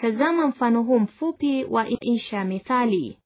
Tazama mfano huu mfupi wa insha methali.